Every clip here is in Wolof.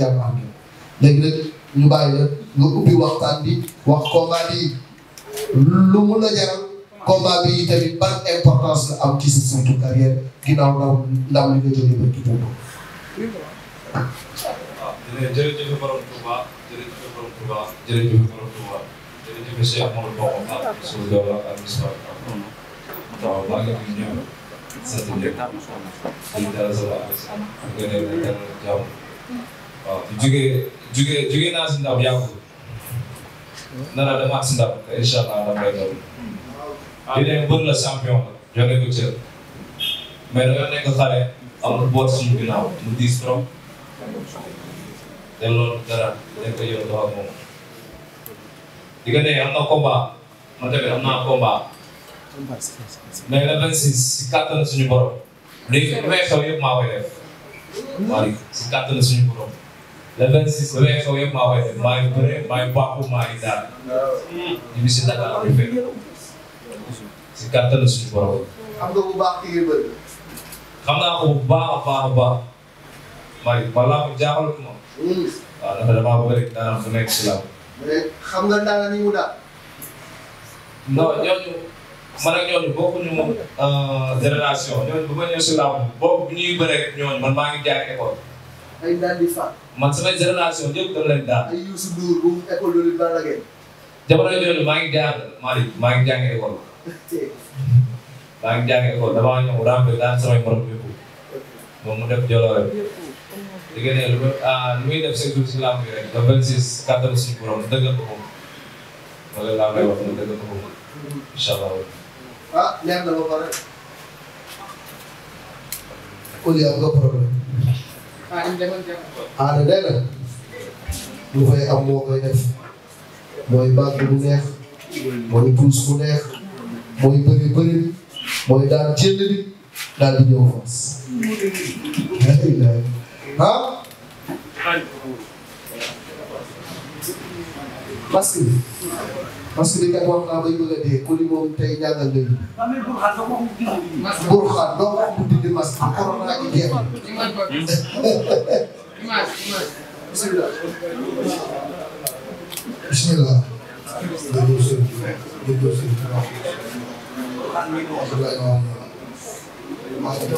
jàmm am léegi nag ñu bàyyi la nga ubbi waxtaan bi wax combat bi lu mu la jaral combat bi tamit ban importance la am ci sa surtout carrière ginnaaw ndaw ndaw li nga jógee ba ci boobu. waaw ah, jërëjëf borom Touba jërëjëf borom Touba jërëjëf borom Touba jërëjëf Cheikh Mamadou Bokko Fall suñu doole ak alhamdulilah. waaw maa ngi leen di ñëw sant ñëpp di dalal sa waa ak sa nga nekk jàmm waaw te jugee jugee jugee naa si ndam yàggul nara demaat si ndam te incha allah ndam lay doon. li ne mbër la champion la joxe ko cër mais dañoo nekk xale amul boot suñu ginnaaw mu diis te loolu dara dañ koy yor doxal moom. di nga ne am na combat man tamit am naa combat mais le si kàttan suñu borom léegi li may xew yëpp maa koy def waaye si kàttan suñu borom. le 26 ba weesoo yëpp maa koy def maa ngi bëre maa ngi bàqu maa ngi si Dakar si kàttanu suñu borom. xam nga bu baax kii nga bëri. xam naa ko bu baax a baax a baax. maa ngi balaa ko jaaxal ko moom. waaw ah, dafa damaa nekk si laaw. mais xam nga daanaka ni mu daal. non ñooñu man ak ñooñu bokkuñu moom. génération euh, ñooñu bu ma ñëw si laaw boobu bu ñuy bëree ñooñu man maa ngi jaay école. ay Ndandi Fall. man samay génération ñëpp dama leen daal. ay Youssou Ndour bu mu école de Louga la ngeen. jamono jooju maa ngi jàng Malick maa ngi jàng école. maa ngi jàng école damaa ñëw ràmpe daan samay morom yëpp. moom mu def joloore. di nga ne lu ah, muy def seen si làmb yi rek. le 26 14 suñu borom dëggal ko moom. wala laa may wax ne dëggal ko moom. incha allah. ah leer na ba pare. kon yow nga problème. aada nee na lu fay am moo koy def mooy màgg bu neex mooy puus bu neex mooy bëri bëri mooy daan jënd nit daal masque bi masque bi kat wax naa bay bëgg a dee kuli moom tey ñàngal lay burxaan doo wax bu dindi masque bi corona gi jeex bismillah bismillah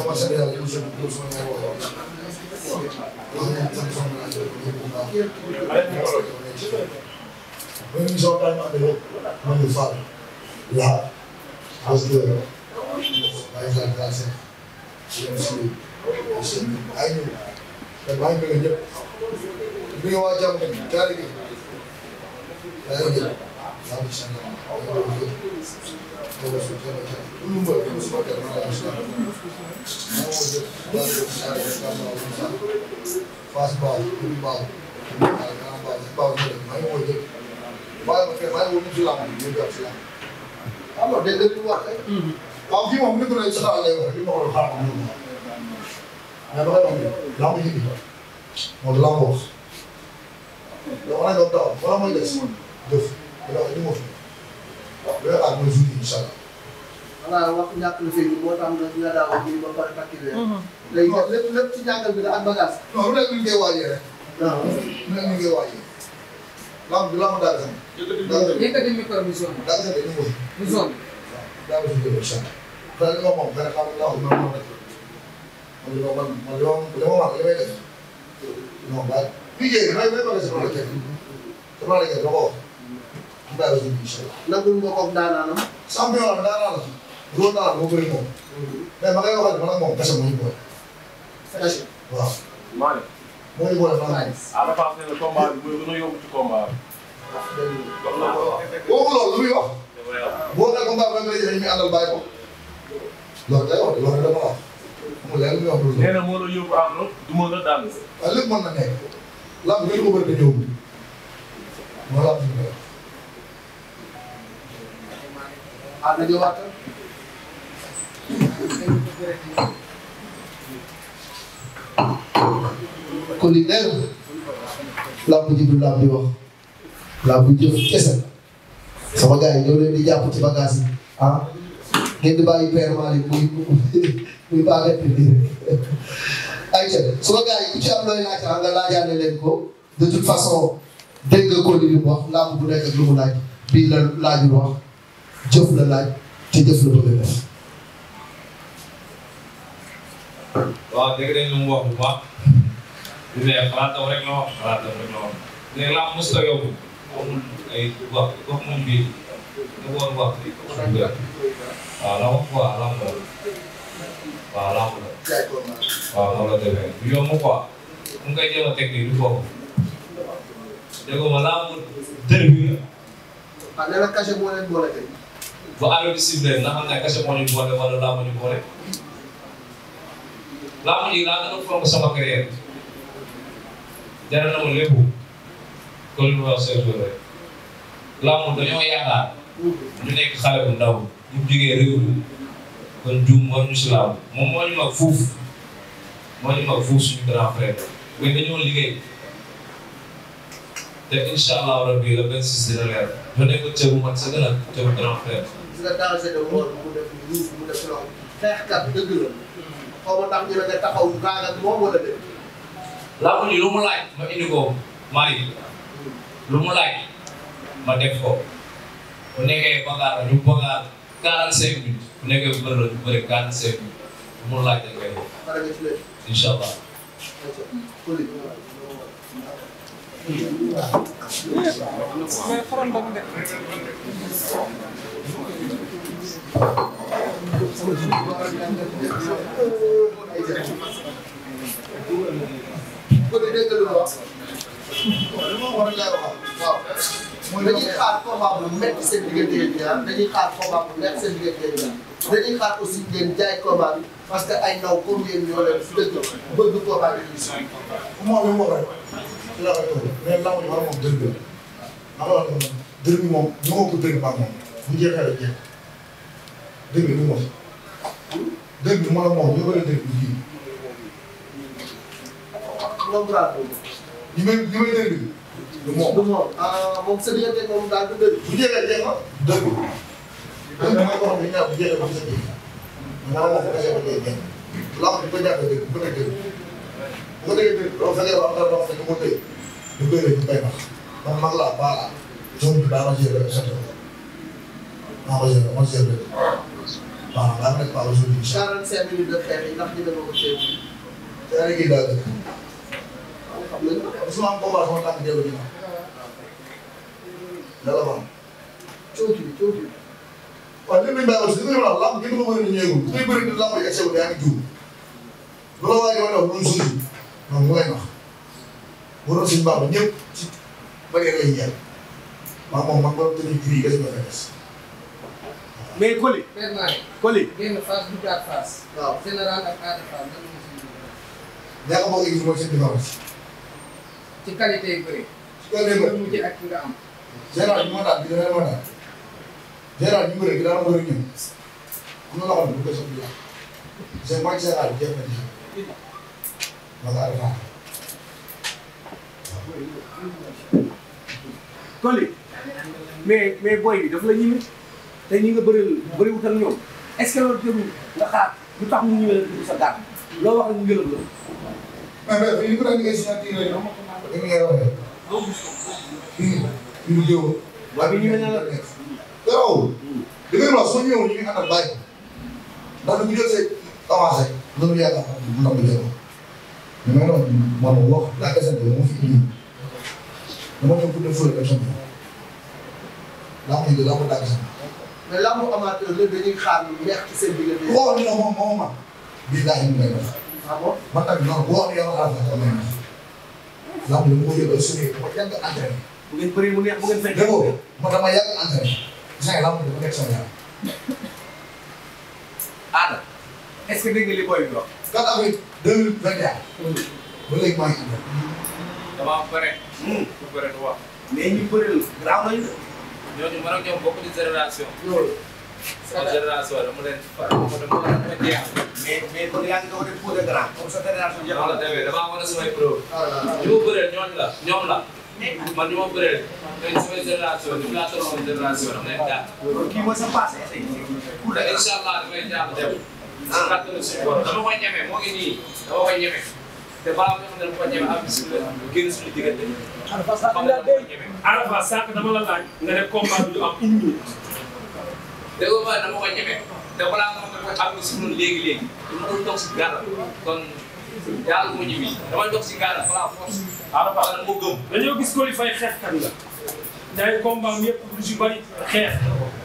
jërëjëf When we saw time on the road, on the farm, yeah, as the life and class, she was sleep. She I knew the Bible. We were jumping, carrying it. I knew. Sanırım Allah'ın doğrusu tanıtan bunun bakımız bakalım arkadaşlar. Ne olacak? Bazı arkadaşlar aldığımızda faz bal, kuru bal, argan bal, balları ne olacak? Bal bakayım, bal onu cilamam, bir bak cilam. Ama dedeleri var. Avcı mı onu buraya çağırıyor? Bir mor var mı? Ne var mı? Lamı gibi. Mor lamı olsun. Ona nokta, ona mı gidesin? Dur. loolu ñu ma fi loolu ak ma fi incha allah. voilà wax ñàkk na fii moo tax nga daaw a ji ba pare takki weer. Mhm. léegi lépp lépp ci ñàkkal bi la ak bagage. non lu nekk ñu koy waajee rek. waaw lu nekk ñu koy waajee. lamb bi lamb daal sama. yëkkati micro bi sonn. daal sama ñu ngi ñu sonn. waaw daal ma fi jógee incha allah. li ma moom benn xam nga ma moom rek. man li ma man man li ma li ma man li may def. non bàyyi. liggéey bi nag dama la gis. dama la gis dama ko wax. Mbaye Ousseyn Bichir. nangul nga koog daanaanam. champion la daanaan la. loolu daanaka moo bëri moom. mais ma ngay waxal man ak moom kese moo ñu boole. kese waaw. maa ngi. moo ñu boole fan. ah dafa am ne combat bi muy gën a yóbbu ci combat bi. wax dëgg la boo ko loolu lu muy wax. boo nekk combat bi nga jëlee ñu àndal bàyyi ko. loolu day wax loolu dama wax. mu leer mi wax loolu. nee na moo la yóbbu ànd du mën a daan. waaw ah, lépp mën na nekk. làmb bi ko bëri te ñëwul. moo làmb a li leer làmb ji du làmb bi wax làmb bu jëf kese sama gars yi ñoo leen di jàpp ci bagage yi ah ngeen di bàyyi père Malick muy muy baaxee bi ayca sama gars yi ku ci am laaj ah, nga laajaale leen ko de toute façon dégg nga li wax làmb bu nekk ak laaj bii la laajul wax jëf la laaj te jëf la bëgg a def. waaw dégg nañ lu mu wax bu baax. bu dee xalaatam rek la wax xalaatam rek la wax léegi laa mos a yóbbu waxul ay wax wax moom bii da ko war wax bi waaw la wax quoi la mu waaw la mu waaw loolu la demee du yomb quoi mu ngi koy jéem a teg nii du foofu dégg nga ma laa mu dër bi. ah nee na cachet moo leen boole tey. ba aaree bi sifflé na xam ne kese moo ñu boole wala laa moo ñu boole laa mu ji laa gën a fonk sama carrière jaral na ma lépp kon lu ma wax seen tool rek laa mu dañoo yaakaar ñu nekk xale te incha allah rabbi la benn si dina leer. donnee ko cër bu mat sa gën a cër bu grand frère. gis nga danger de mort mu def yuuf mu def loxo xeexkat dëgg la. xaw ma ndax ñu ne nga taxaw gaal ak moom wala déet. laa ko ni lu mu laaj ma indi ko maa ngi lu mu laaj ma def ko bu nekkee bagaar ñu bagaar quarante cinq minutes bu nekkee bëri la ñu bëri quarante cinq minutes lu mu laaj da ngay wax. incha allah. mooy dañuy xaar combat bu métti seen diggante yi dañuy xaar combat bu métti seen diggante yi dañuy xaar aussi ngeen jaay combat bi parce que ay ndaw comme yéen ñoo leen fi dëkk bëgg combat bi moom mi moo la wax ak mais laaw bi moom dër bi la wax dër bi moom ñoo ko dër baax moom bu jeexee rek jeex dër bi du moom dër bi moom moom ñoo ko dër bi ji. moom laa ko. li may li may dër bi. du moom du moom ah moom sëñ yàlla moom daal du dër bi. bu jeexee jeex na dër bi. dër bi mooy koo xam ne ñaar bu jeexee ba sa kii. maa ngi wax ko kese ba tey jeex na. laaw bi ba ñàkk a dër bu ko dër bu ko dër dër doo fexe ba am dara doo fexe ba tey. du bëri ñu koy nax man man laa baax la zone bi daa ma géré exactement maa ma géré ma géré waaw daa ma nekk par zone bi. 45 minutes de fer yi ndax ñu demoo ko séeréer. yaa ngi daa dëkk. xam nañ ko su ma am combat sama tànk jéego ñu ma. dala ma am. cootu bi cootu bi. waaw li muy baax aussi li muy baax làmb gi nga ko mën a ñeegul. su muy bëri di làmb yi excès wu yaa ngi jiw. bu la waayee yow nag bu mu suuf donc mu lay nax. bu doon suñu baax ñëpp ci mbéy lay ñeel maa moom man borom tënk prix yi des na des. mais Coly. Coly. génn face du daal face. waaw général ak aada face lan moo siy ñaaka moo koy gis mooy seen différence. ci qualité yu bëri. ci qualité yu bëri mu mujj ak ki nga am. général ñu ma daal bi dana ma daal. général ñu bëri bi dana ma bëri ñun. am na loxo bi bu koy soppi daal. c'est moi général jeex na jeex. ma daal Coly mais mais booy bi daf la ñëwee te ñi nga bëri bëriwut ak ñoom est-ce que loolu jëmul nga tax mu ñëwee sa dara loo wax mu gërëm la. Ah, mais mais li mu daan liggéey si ñaari la. yow. li ngay wax soo ñëwul ñu ngi àndal bàyyi ndax du ñu loolu yàlla am na ma wax laa desante la ma fi indi. dama koy tuddee fure ak sama lamb yi de lamb dàgg sama. mais lamb amateur la dañuy xaar lu neex ci seen diggante. wóor na moom moom man. bii daa yëngu ngay def. ah bon man tamit noonu boo xam ne yow xaaral ma may def. lamb bi mu ngi yëngal suñu yëngu ma yàgg entraîné. bu ngeen bëri mu neex bu ngeen fekk. dégg nga man dama yàgg entraîné. saa yi lamb bi dama nekk sama yaram. Ada est-ce que dégg nga li booy bi wax. 4 avril 2021. ba léegi maa ngi àndal. damaa pare. ku bëre du wax. mais ñu bëre la garaaw nañu de. ñooñu man ak ñoom bokkuñu génération. loolu. sama génération la mu leen far ma dama leen ma jeex. mais mais kon yaa ngi doon def coup de grand. comme sa génération jeexal la demee damaa wane samay preuve. ñu ma bëreel ñooñu la ñoom la. man ñu ma bëreel. ñooñu samay génération ñu laa toll sama génération dama leen daal. kon kii mooy sa passé. pour de incha allah damay jàpp dem. ah dama koy ñeme moo ngi nii dama koy ñeme. dafa am yoo xam ne dafa ko ñeme am bis la génn suñu diggante. Arafa sànq dama la laaj. nga ne combat bi du am une minute. déggoo ba dama ko ñeme. dafa laa moom dafa am bis noonu léegi léegi. dama doon dox si gàllam. kon yàlla mu ñëw yi. dama dox si gàllam balaa force. Arafa dama ko gëm. dañoo gis Coly Faye xeexkat la. day combat bi yëpp lu si bëri xeex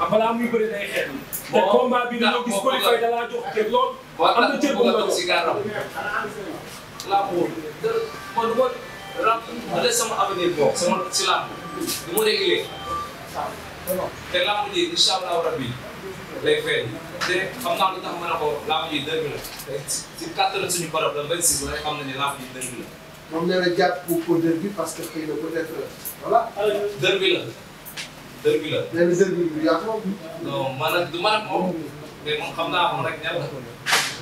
balaa muy bëri day xeex. te combat bi dañoo gis Coly Faye da laa jox te loolu. am na cër bu nga jox làmb woon dara man du ma ràmb sama avenir boobu sama si làmb du ma réglé te làmb ji incha allahu rabbi lay feeñ te xam naa lu tax ma ne ko làmb ji dëgg la te si kàttan suñu barab la 26 la xam na ne làmb ji dëgg la. moom nee na jàpp ko derby parce que xëy na peut-être voilà. derby la derby la. nee na derby bi yaa ko. non man du man ak moom. mais moom xam naa moom rek ñaar la.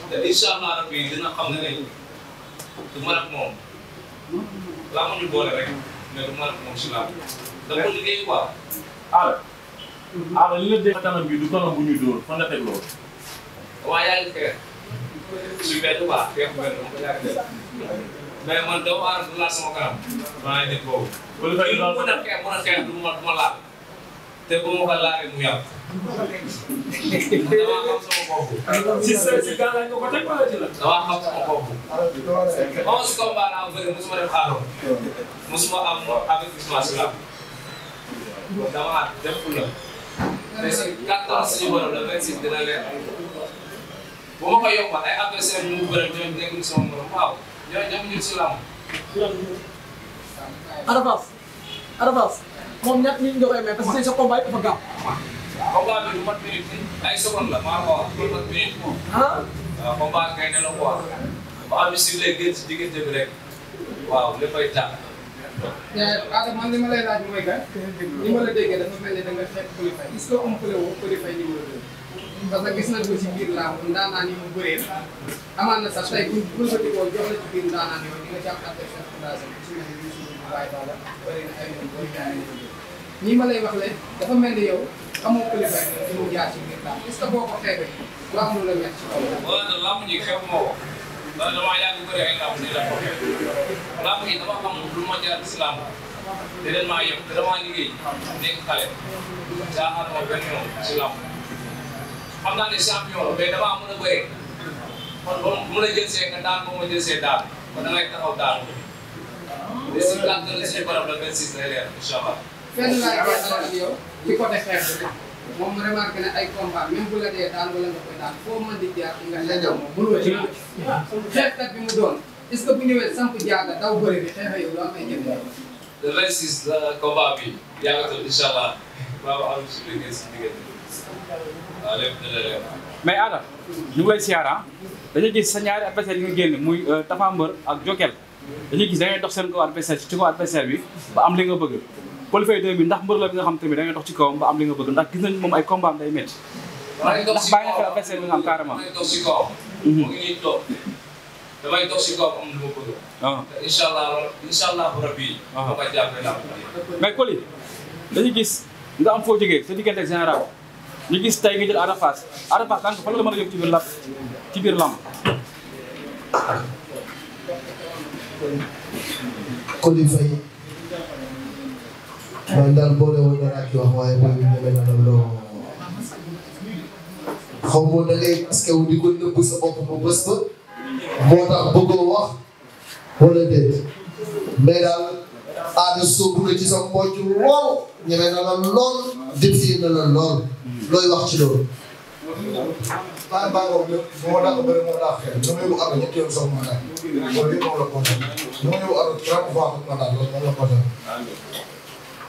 te incha allah rabbi dina xam ne ne. du mën ak moom laa ma ñu boole rek mais du mën ak moom si laa da ko liggéey quoi. aada. aada li la dégg kanam bi du kanam bu ñu dóor fan la teg loolu. waaw yaa ngi fexe suy benn quoi fexe benn moom yaa ngi mais man dama aar la sama kanam. maa ngi def boobu. bu dee bu dee xeex mën a xeex ma du ma te bu ma ko laajee mu yàqu. damaa xam sama bopp. si sa si gàllankoor nga ko teg wala ci la. damaa xam sama bopp. onze combats laa am bëri mosuma dem xaaroon. mosuma am avertissement si la. damaa def la. te si quatorze suñu borom la vingt six dina leer. bu ma ko yokkal ay adversaires ñu mu bëri ñoom nekk sama borom waaw ñooñu dem ñu si lamb. Ada Fass Ada Fass moom ñaata nit nga koy may parce que sa combat dafa gaaw. combat bi du mat ay seconde la maa ko wax du mat minute. ah. waaw kay ne la ko wax. ba si lay gën bi rek. waaw léppay tàkk. waaw man li ma lay laaj mooy que. li ma la déggee dafa mel ni da nga xeeb Coly Faye est-ce que am Coly parce que gis nañ ko ci biir làmb daan naa ni mu bëreel amaan na sax tey bu bu jox la ci biir daan naa ni di nga ci am adversaire fondation bi suñu ñu suñu bàyyi bala wala na ay yoon booy jaay ñi ma lay wax le dafa mel ni yow amoo kilifa ci mu jaar ci biir làmb est-ce que boo ko xeebee lu amul la mel ci kaw wala làmb ji xew ma ko ndax damaa yàgg bëri ay làmb ni la ko xeeb làmb gi dama xam lu ma jaar ci làmb te leen maa yëpp te damaa liggéey nekk xale saa aadama benn yoon ci làmb xam naa ne champion la mais damaa mën a bëree kon ba mu mën a jël see nga daan ba mu jël see daan kon da ngay taxaw daan bi. si gàtt la si barab la 26 lay leer incha allah. fenn laay gàttal ak yow ci côté xeex bi moom remarqué na ay combat même bu la dee daan wala nga koy daan foo mën di jaar nga lajjal moom mënuloo ci xeexkat bi mu doon est ce que bu ñëwee samp jaaga daw bëri bi xeex yow loo am ay jafe-jafe. le 26 la combat bi yaakaar naa incha allah baax a am si liggéey si diggante mais Ada ñu ngi lay siyaara dañoo gis sa ñaari adversaire yi nga génn muy euh, Tapha Mbeur ak Jokel dañuy gis da dox seen ko adversaire ci bi ba am li nga bëgg Coly Faye bi ndax mbër la bi nga xam tamit da ngay dox ci kawam ba am li nga bëgg ndax gis nañ moom ay combat am day nga mhm. am carrément ah. ah. mais Coly dañuy gis nga am foo jógee sa diggante général ñu gis tey nga jël Ada Fass Ada Fass daanaka fan la mën a yóbbu ci biir làmb ci biir làmb. Coly daal boole woon na laa wax waaye booy bi ñeme na la loo xaw ma da ngay parce ko nëbb sa bopp ba bés moo tax bëggoo wax wala déet mais daal aada sóobu ci sa mboj lool ñeme na la lool dëppee na lool. looy wax ci loolu. Paar Paar boobu nag bu ma daan ko bëri moo daan xeex dama yóbbu àll ñetti yoon sax ma daan loolu yëpp moom la kontaan dama yóbbu àll trente fois ak ma daan loolu moom la kontaan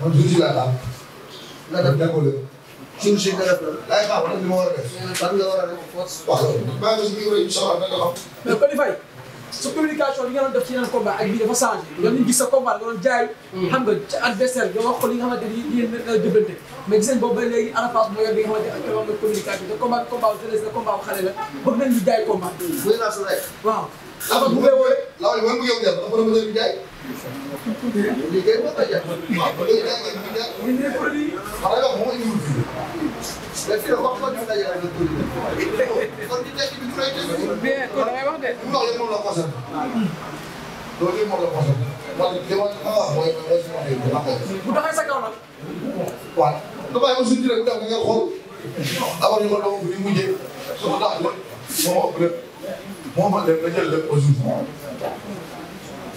man du si laa daal la def dëggoo leen suñu si nga def la laay xaar li ma war a def. lan nga war a def wax la. maa ngi leen di nuyu incha allah nga xam. mais Coly Faye. sa communication bi nga doon def ci yeneen combat ak bii dafa changé. doon nañ gis sa combat nga doon jaay. Mm. xam nga ca adversaire nga wax ko li nga xamante ni yéen a jëblante mais gis nañ boobu ba léegi Ada Fass moo yor li nga xamante ni moom la communication te combat combat bu jeunesse la combat bu xale la bëgg nañ ñu jaay combat. bu dee naa su rek. waaw. Lafa bu koy wooyee. Lafa bu koy wooyee dafa doon mën a jaay. lii kay mën na jaay. waaw ba léegi jaay nga ñu jaay. def na wax dëgg yàlla na tur bi. kon di tekki bi tur ay tekki. bien kon da ngay wax de. bu ndox leen moom la kosam. loolu yëpp moom la kosam. waaw li ma li ma wax mooy mooy su ma xëy bu baax bu doxee sa kaw nag. waaw. nga bàyyi ma suñu ji rek bu def nga xool. amoon ñu ko doon bu ñu mujjee. su ma daax lépp. moo ma ëpp lépp. moo ma leen nga jël lépp au jour.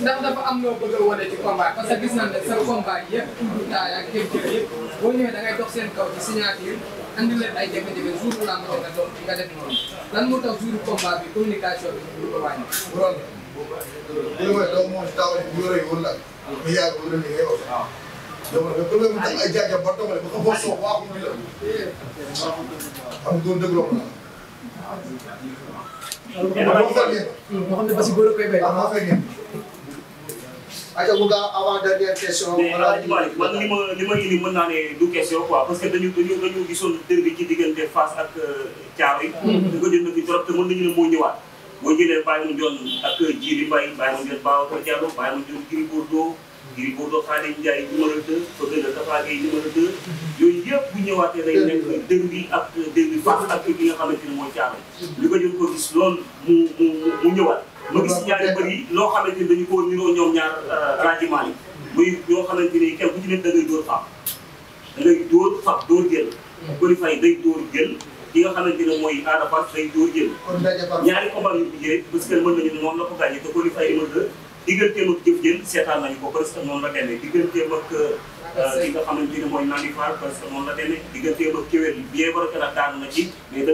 ndax dafa am loo bëgg a wane ci combat parce que gis nañ ne sa combat yëpp. daa yaa ngi jëm jëm yëpp boo ñëwee da ngay dox seen kaw ci signature andi leen ay jafe-jafe jour bu làmb nga doon nga def noonu lan moo tax jour combat bi communication bi du ko wàññi. loolu mooy donc moom si taawul yi yore yi woon la. nga yaay ko wërëm yi dama ne problème mu ay jaajëf ba toog rek ba ko bokk soog waaxu bi la. am doon dégloo ko la. loolu moom moo tax ngeen. loo xam ne basi góor a koy bay. ah maa fay ngeen. ayca mu gaaw avant dernière question. voilà li ma li ma li ma indi mën naa du question quoi parce que dañu dañu dañu gisoon dër bi ci diggante Fass ak Thiaroye. bu ko jëndee fi trop te mën nañu ne moo ñëwaat. boo jëlee bàyyi mu joon ak Djily Mbaye bàyyi mu joon Babacar Diallo bàyyi mu joon Gris Bordeaux Gris Bordeaux Fadé Ndiaye numéro 2 Fodé la Tapha Gueye numéro 2. yooyu yëpp bu ñëwaatee day nekk ak dëng baax ak li nga xamante ni mooy caaxaan. ko jëm ko gis mu ñëwaat. gis ñaari mbër yi loo xamante ni dañu ko niroo ñoom ñaar euh, radiement yi. muy ñoo xamante ni kenn ku ci nekk da ngay dóor faam jël. qualifié day dóor jël. ki nga xamante ne mooy aada day dóor jël. ñaari parce que mën nañu ne moom la ko gagné te qualifié numéro 2. digganteem ak jëf jën seetaan nañu ko presque noonu la demee digganteem ak li euh, nga xamante ni mooy naan yi faar presque noonu la demee digganteem ak kéwél yi bien vrai que nag daan na ci mais da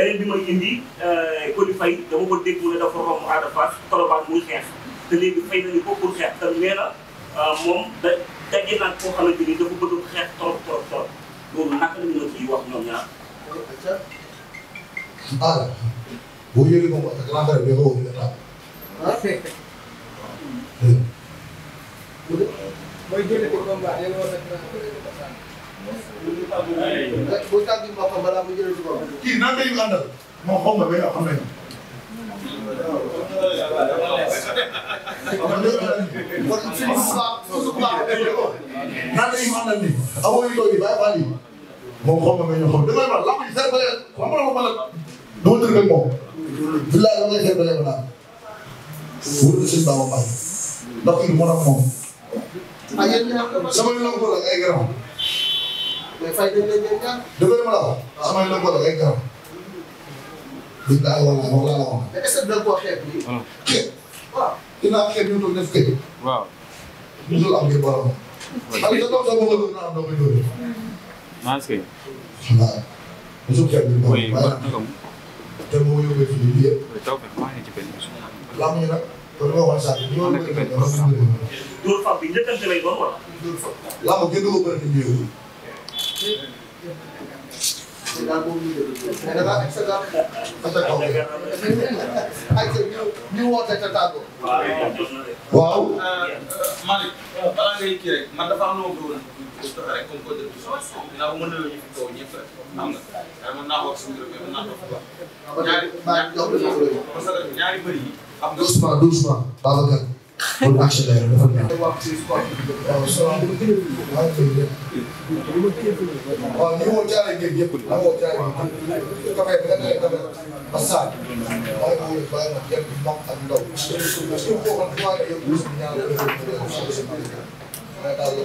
ngay bi may indi euh, Coly Faye dama ko dégg mu ne dafa euh, bëgg xeex trop trop trop loolu naka la ñu mën ciy wax ñoom ñaar. Ah. boo yëgee moom parce que l'entraîneur bi nga woo dina tàmm. ah dégg nga. mooy jëlee combat yéen war nañu ko tàgguñu boppam balaa muy jëlee ci boppam. kii nan la ñu àndal. moo xaw ma béy xam nañu. kon suñu subaa suñu subaa nan la ñu àndal nii. amoo yu toog yi bàyyi baal yi. moo xaw ma béy ñu xaw ma damay wax làmb yi seen bële xam nga la ko mën a. dama tënk ak moom. bilaay la ngay xeeb da ngay ko naan. wóor na sëñ Baba Mbaye. ndax il mën a moom. ah yéen ñaar sama yu nangu ko la ay garab. mais fay dañ leen ñaan. dëgg ma la wax sama yu nangu ko la ay garab. bilaay wala wala la wax. mais est-ce que dina ko xeeb lii. Ah. xeeb waaw dinaa xeeb ñu toog def kër yi. waaw. musul am ngir borom. xam nga doom sama wóor naa am doo koy dóoree. maa ngi sëñ. waaw musul xeeb ñu borom. te moo yóbbee fii lii yëpp. làmb ñu nag loolu nga waxoon sànq ñoo ngi koy dóor fab bi njëkkante lay doon wala. dóor fab làmb gën ko bëri ñu yóbbu. daal boobu ñu def. mais dafa ak sa daal. dafa kaw de. ak ñu woote ca tàggoo. waaw. waaw. Euh, Malick euh, balaa ngay kii rek man dafa am lu ma bëggoon bu fexe rek comme côté bi ginnaaw mën na ñu fi kaw ñëpp rek xam nga waaye mën naa wax suñu réew mi mën naa toog wax. ñaari ñaari ñaari mbër yi. am na doucement doucement. Babacar. kon action la dafa neex. waaw ñu ngi woon jaaree géej yëpp. ñu ngi woon jaaree géej. café bi lan lay demee Assane. waaye boo yëg bàyyi ma jël mag ak ndaw. parce que boo xam ne waa yëpp ñaar nataalu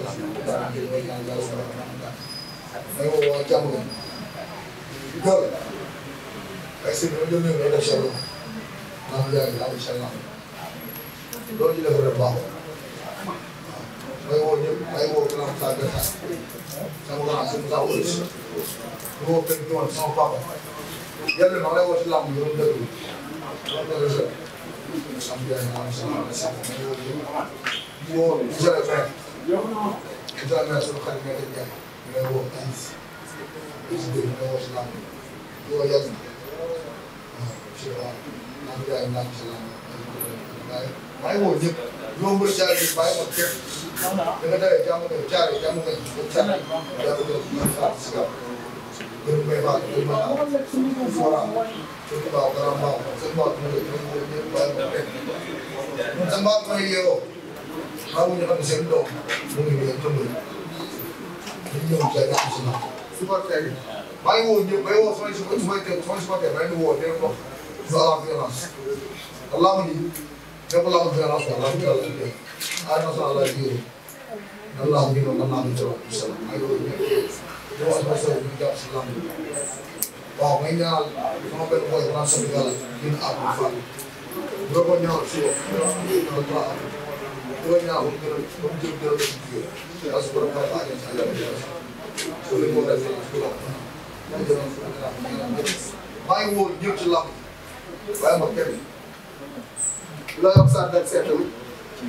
dara ngir may ñaan yàlla subhanahu wa taala may woo waa jàmm na doole ay sëñ bi ma doon ñëw def solo maa ngi jaay laa incha allah loolu ñu def rek baaxul may woo ñëpp may woo gën a am saa gën a sama gàncax gi saa wërës ma woo kenn ñëwoon sama papa yàlla na ma lay woo si làmb yi ba mu dëkk bi ma dëkk sa am jaay laa incha allah ma woo ñëpp ma woo di daal sama xarit Mbaye Diagne ñu lay woo Aziz Aziz Gueye ñu lay woo si làmb bi yow yàgg na waaw monsieur le maire maa ngi jaay naaj si làmb waaye maa ngi woo ñëpp ñoom bu la jaaree ñu bàyyi ko képp da nga dawee jàmm nga jaaree jàmm nga ñu ba jaaree jàmm nga ñu faat si kaw gën mbay faat gën mbay faat fora surtout baaw garam baaw seen baaw ñu ngi lay ñoom ñëpp bàyyi ko képp ñun sama baaw mooy yeewoo faaw ñu defal seen doom mu ngi leen tëmbal ñu ñëw ca jàpp si nag supporter yi maa ngi woo ñëpp may woo samay supporter samay supporter maa ngi woo leen wax ñu ala violence allahuma ni ñëpp la am violence allah ñu yàlla tuddee ay na sa allah jiire allah ñu doon man naa ñu tëral bi salaam maa ngi woo ñëpp ñu wax ma sa ñu jàpp si lamb waaw may ñaanal sama benn boy maa sa yàlla dina am fa bu ko ñaanal si yow mooy naa ba mu gën a ba mu jëm gën a jigéen yàlla su ko doon faral baaxee ci yàlla def ko li ko defee ci loxo maa ngi woo ñëpp ci làmb waaye ma kenn la am saa dal seet tamit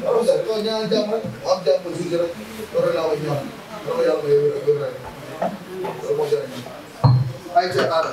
waaw sax koo ñaan jàmm rek am jàmm tuuti rek war naa ko ñaan dama yàlla ma yëngu rek rek loolu moo jëriñ ay ca aada.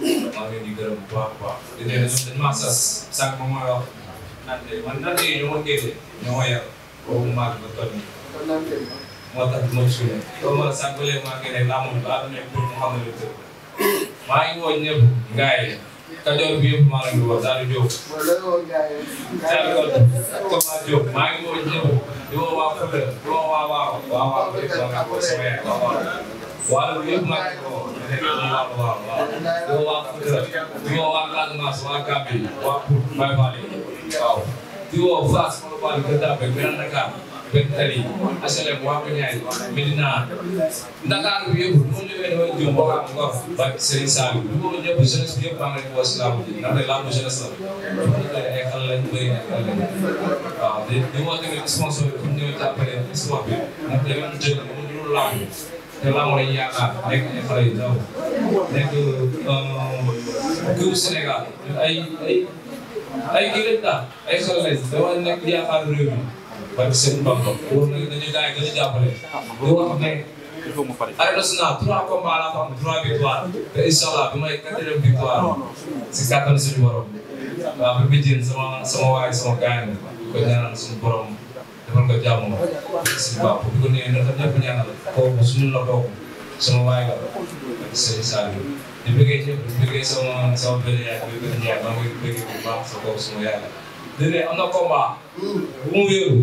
maa ngi leen di gërëm bu baax a baax. di leen dañ maa sas sànq moom mooy wax nante man nante yi ñoo ma génnee ñoo ma yar boobu maa ma toll nii. moo tax du ma suñu. loolu mooy sànq ba léegi maa ngi ne laa moom laa nekk pour mu xam ne maa ngi woo ñëpp gars yi kajoor bi yëpp maa ngi woo Saliou Diop. Saliou Koma Diop maa ngi woo ñëpp di woo waa Koule di woo waa Waaw waa Waaw yëpp maa ngi woo sama yaay waa Waaw waaw yëpp maa ngi woo. fekk waaw waaw waaw waa Fouta di woo waa Casamance waa Gambie waa Pout Baye Fall waaw di woo Fass Colobane Gueule Tapée benn Dakar benn Tali HLM waa Mignane Médina Dakar bi yëpp mu ne leen woon jëm bokk ak ngor ba Serigne Saliou di woo ñëpp jeunesse bi yëpp maa ngi leen di woo si laamu ji ndax laamu jeunesse la ñu bëri ay xale lañ bëri ay xale lañ waaw di di woo tamit sponsor bi pour ñu jàppale sport bi mu demee mu jël mu dul laamu te làmb lañ yaakaar nekk ay xale yu ndaw nekk gëm Sénégal ay ay ay kii lañ daal ay xale lañ dama nekk yaakaar réew mi parce que seen bàq boobu nag dañuy gars yi gën a jàppale. di wax ne. il faut mu pare arrêté national trois combats la am trois victoire te incha allah bi may quatrième victoire si kattan suñu borom waaw bi ma jël sama sama waay sama gars yi ko ñaanal suñu borom. defal ko jàmm ma si bàpp di ko nuyu nag ñëpp ñaanal kooku suñu la kooku sama waay la sëñ Saliou di bëggee ñëpp di bëggee sama sama benn yaay bi benn yaay maa ngi bëggee bu baax sa kooku sama yaay la di ne am na combat bu mu wéeru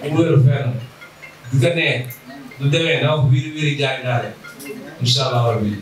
bu mu wéeru fenn di ko ne du demee na wax wiiri wiiri jaay naa leen incha allah rabbi